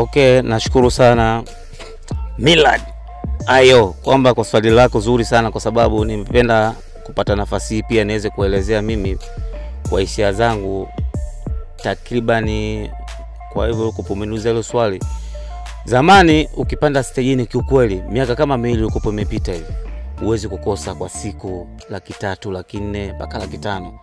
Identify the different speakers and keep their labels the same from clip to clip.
Speaker 1: Okay, nashukuru sana Millard Ayo kwamba kwa swali lako zuri sana, kwa sababu nimependa kupata nafasi hii pia niweze kuelezea mimi kwa hisia zangu takribani, kwa hivyo kupuminuza hilo swali. Zamani ukipanda stejini, kiukweli miaka kama miwili ilikuwa imepita hivi, huwezi kukosa kwa siku laki tatu, laki nne mpaka laki tano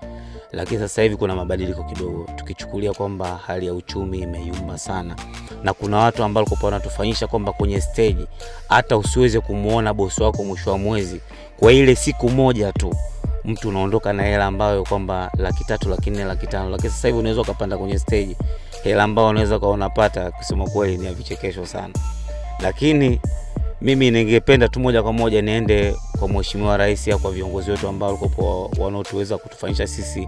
Speaker 1: lakini sasa hivi kuna mabadiliko kidogo, tukichukulia kwamba hali ya uchumi imeyumba sana, na kuna watu ambao walikuwa wanatufanyisha kwamba kwenye steji hata usiweze kumwona bosi wako mwisho wa mwezi kwa ile siku moja tu mtu unaondoka na hela ambayo kwamba laki tatu laki nne laki tano lakini sasa hivi unaweza ukapanda kwenye steji hela ambayo unaweza ukawa unapata kusema kweli ni ya vichekesho sana lakini mimi ningependa tu moja kwa moja niende kwa mheshimiwa rais au kwa viongozi wetu ambao walikopo wanaotuweza kutufanyisha sisi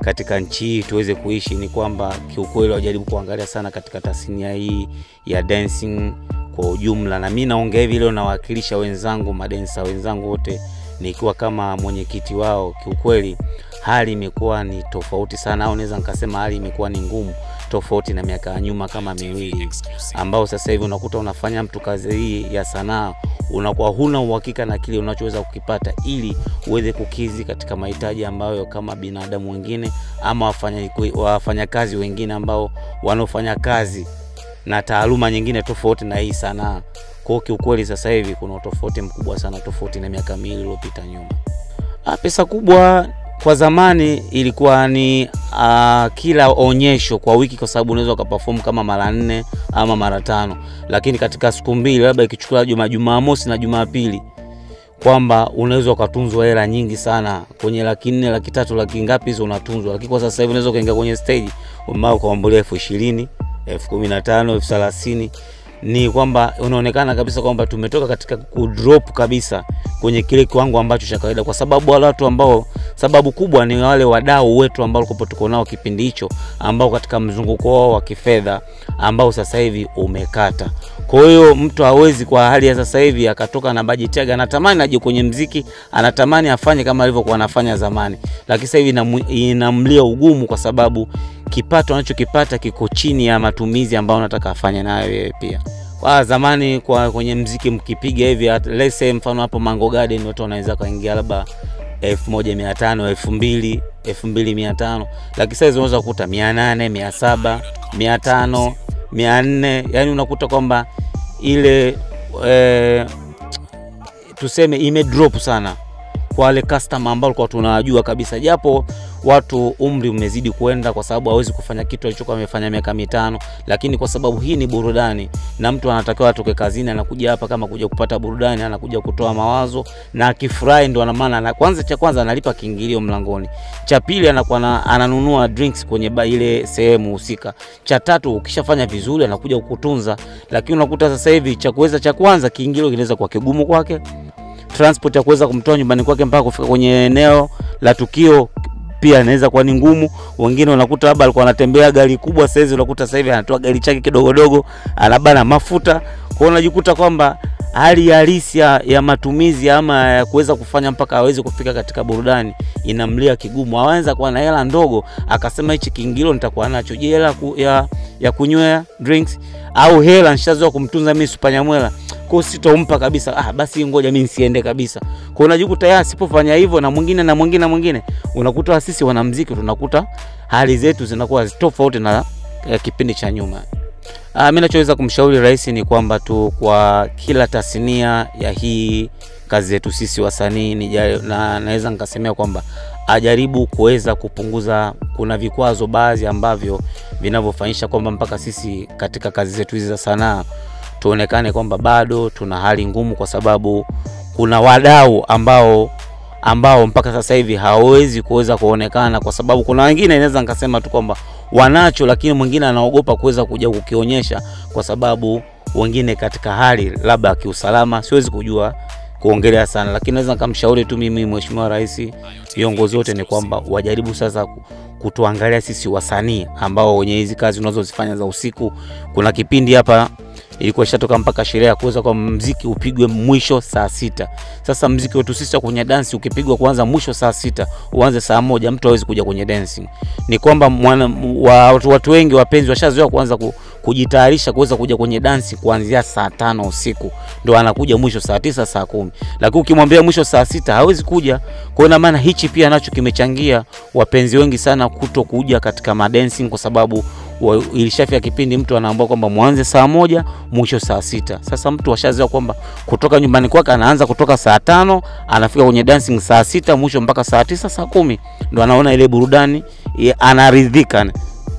Speaker 1: katika nchi hii tuweze kuishi, ni kwamba kiukweli wajaribu kuangalia sana katika tasnia hii ya dancing kwa ujumla, na mi naongea hivi leo nawakilisha wenzangu madensa wenzangu wote nikiwa kama mwenyekiti wao. Kiukweli hali imekuwa ni tofauti sana, au naweza nikasema hali imekuwa ni ngumu tofauti na miaka ya nyuma kama miwili, ambao sasa hivi unakuta unafanya mtu kazi hii ya sanaa, unakuwa huna uhakika na kile unachoweza kukipata ili uweze kukizi katika mahitaji ambayo kama binadamu wengine ama wafanyakazi kazi wengine ambao wanaofanya kazi na taaluma nyingine tofauti na hii sanaa. Kwa kiukweli, sasa hivi kuna utofauti mkubwa sana, tofauti na miaka miwili iliyopita nyuma. Ah, pesa kubwa kwa zamani ilikuwa ni uh, kila onyesho kwa wiki, kwa sababu unaweza ukaperform kama mara nne ama mara tano, lakini katika siku mbili, labda ikichukua juma Jumamosi na Jumapili, kwamba unaweza ukatunzwa hela nyingi sana kwenye laki nne, laki tatu, laki ngapi hizo unatunzwa. Lakini kwa sasa hivi unaweza ukaingia kwenye stage umaa ukaombolea elfu ishirini elfu kumi na tano elfu thelathini ni kwamba unaonekana kabisa kwamba tumetoka katika kudrop kabisa kwenye kile kiwango ambacho cha kawaida, kwa sababu wale watu ambao Sababu kubwa ni wale wadau wetu ambao walikuwa tuko nao kipindi hicho, ambao katika mzunguko wao wa kifedha ambao sasa hivi umekata. Kwa hiyo mtu hawezi kwa hali ya sasa hivi akatoka na bajeti yake, anatamani aje kwenye mziki, anatamani afanye kama alivyokuwa anafanya zamani, lakini sasa hivi inamlia ugumu kwa sababu kipato anachokipata kiko chini ya matumizi ambayo anataka afanye nayo yeye pia kwa zamani kwa kwenye mziki mkipiga hivi let's say mfano hapo Mango Garden watu wanaweza kaingia labda elfu moja mia tano elfu mbili elfu mbili mia tano lakini saizi unaweza kukuta mia nane mia saba mia tano mia nne yani unakuta kwamba ile e, tuseme ime drop sana kwa wale customer ambao kwa tunajua kabisa, japo watu umri umezidi kwenda, kwa sababu hawezi kufanya kitu alichokuwa amefanya miaka mitano, lakini kwa sababu hii ni burudani na mtu anatakiwa atoke kazini, anakuja hapa kama kuja kupata burudani, anakuja kutoa mawazo na akifurahi, ndo maana na kwanza, cha kwanza analipa kiingilio mlangoni, cha pili anakuwa ananunua drinks kwenye ba ile sehemu husika, cha tatu ukishafanya vizuri anakuja kukutunza, lakini unakuta sasa hivi cha kuweza cha kwanza kiingilio kinaweza kwa kigumu kwake transport ya kuweza kumtoa nyumbani kwake mpaka kufika kwenye eneo la tukio pia anaweza kuwa ni ngumu. Wengine unakuta labda alikuwa anatembea gari kubwa, saizi unakuta sasa hivi anatoa gari chake kidogodogo, anabana mafuta kwao, unajikuta kwamba hali halisi ya, ya matumizi ama ya kuweza kufanya mpaka aweze kufika katika burudani inamlia kigumu. Aweza kuwa na hela ndogo akasema hichi kiingilio nitakuwa nacho, je, hela ya, ya kunywea drinks au hela nishazoea kumtunza mimi Supanyamwela kwa sitompa kabisa, ah, basi ngoja mimi nisiende kabisa. Kwa unajikuta yeye sipofanya hivyo na mwingine na mwingine na mwingine, unakuta sisi wanamziki tunakuta hali zetu zinakuwa tofauti na ya eh, kipindi cha nyuma. Ah, mimi nachoweza kumshauri rais ni kwamba tu kwa kila tasnia ya hii kazi yetu sisi wasanii na naweza nikasemea kwamba ajaribu kuweza kupunguza, kuna vikwazo baadhi ambavyo vinavyofanyisha kwamba mpaka sisi katika kazi zetu hizi za sanaa tuonekane kwamba bado tuna hali ngumu, kwa sababu kuna wadau ambao ambao mpaka sasa hivi hawawezi kuweza kuonekana, kwa sababu kuna wengine inaweza nikasema tu kwamba wanacho, lakini mwingine anaogopa kuweza kuja kukionyesha, kwa sababu wengine katika hali labda kiusalama, siwezi kujua kuongelea sana, lakini naweza nikamshauri tu mimi Mheshimiwa Rais, viongozi wote ni kwamba wajaribu sasa kutuangalia sisi wasanii ambao wenye hizi kazi unazozifanya za usiku. Kuna kipindi hapa ilikuwa ishatoka mpaka sheria ya kuweza kwa mziki upigwe mwisho saa sita. Sasa mziki wetu sisi kwenye dansi ukipigwa kwanza mwisho saa sita, uanze saa moja, mtu hawezi kuja kwenye dancing. Ni kwamba wa, watu, watu wengi wapenzi washazoea kuanza ku, kujitayarisha kuweza kuja kwenye dansi kuanzia saa tano usiku ndo anakuja mwisho saa tisa saa kumi, lakini ukimwambia mwisho saa sita hawezi kuja. Kwa hiyo maana hichi pia nacho kimechangia wapenzi wengi sana kuto kuja katika madensi kwa sababu ilishafika kipindi mtu anaambiwa kwamba mwanze saa moja mwisho saa sita. Sasa mtu washazoea kwamba kutoka nyumbani kwake anaanza kutoka saa tano anafika kwenye dancing saa sita mwisho mpaka saa tisa saa kumi ndo anaona ile burudani anaridhika.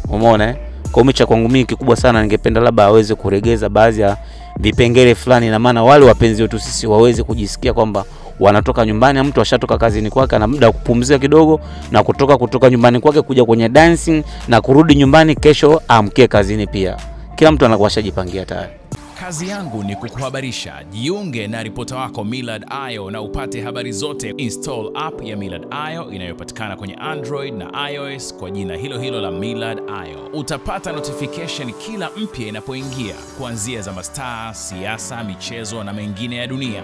Speaker 1: Umeona eh? Kwa hiyo cha kwangu mimi kikubwa sana, ningependa labda aweze kuregeza baadhi ya vipengele fulani, na maana wale wapenzi wetu sisi waweze kujisikia kwamba wanatoka nyumbani, mtu ashatoka kazini kwake, ana muda wa kupumzika kidogo na kutoka kutoka nyumbani kwake kuja kwenye dancing na kurudi nyumbani, kesho amkie kazini pia. Kila mtu anakuwa ashajipangia tayari.
Speaker 2: Kazi yangu ni kukuhabarisha. Jiunge na ripota wako Millard Ayo na upate habari zote. Install app ya Millard Ayo inayopatikana kwenye Android na iOS kwa jina hilo hilo la Millard Ayo. Utapata notification kila mpya inapoingia, kuanzia za mastaa, siasa, michezo na mengine ya dunia.